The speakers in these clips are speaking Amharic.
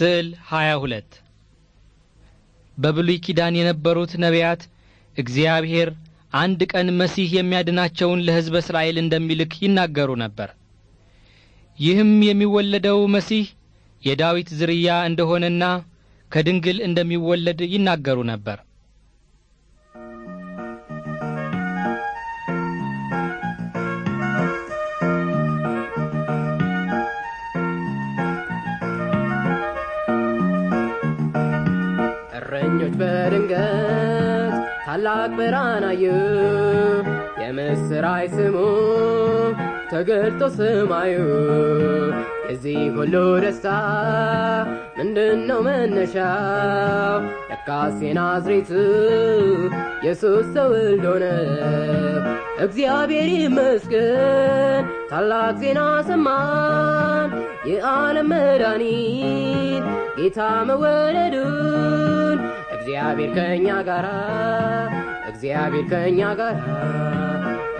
ስዕል 22 በብሉይ ኪዳን የነበሩት ነቢያት እግዚአብሔር አንድ ቀን መሲህ የሚያድናቸውን ለሕዝበ እስራኤል እንደሚልክ ይናገሩ ነበር። ይህም የሚወለደው መሲህ የዳዊት ዝርያ እንደሆነና ከድንግል እንደሚወለድ ይናገሩ ነበር። እረኞች በድንገት ታላቅ ብርሃን አዩ። የምስራይ ስሙ ተገልጦ ሰማዩ። የዚህ ሁሉ ደስታ ምንድን ነው መነሻው? ለካስ የናዝሬቱ ኢየሱስ ሰው እግዚአብሔር ይመስገን። ታላቅ ዜና ሰማን፣ የዓለም መድኃኒት ጌታ መወለዱ እግዚአብሔር ከእኛ ጋራ እግዚአብሔር ከእኛ ጋራ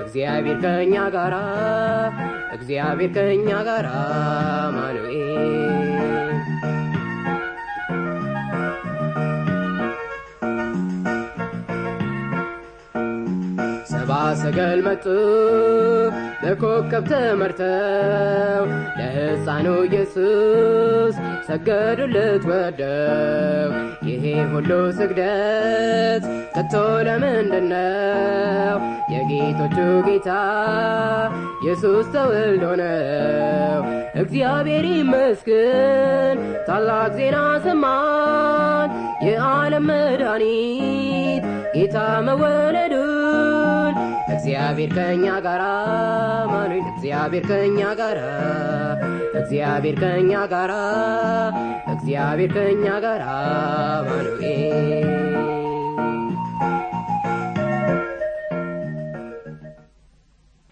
እግዚአብሔር ከእኛ ጋራ እግዚአብሔር ከእኛ ጋራ ማኑኤል ሰባ ሰገል መጡ በኮከብ ተመርተው ለሕፃኑ ኢየሱስ ክርስቶስ ሰገዱለት ወደው። ይሄ ሁሉ ስግደት ከቶ ለምንድነው? የጌቶቹ ጌታ ኢየሱስ ተወልዶ ነው። እግዚአብሔር ይመስገን፣ ታላቅ ዜና ሰማን። የዓለም መድኃኒት ጌታ መወለዱ እግዚአብሔር ከኛ ጋራ ማኑኝ እግዚአብሔር ከኛ ጋራ እግዚአብሔር ከኛ ጋራ እግዚአብሔር ከኛ ጋራ ማኑኤል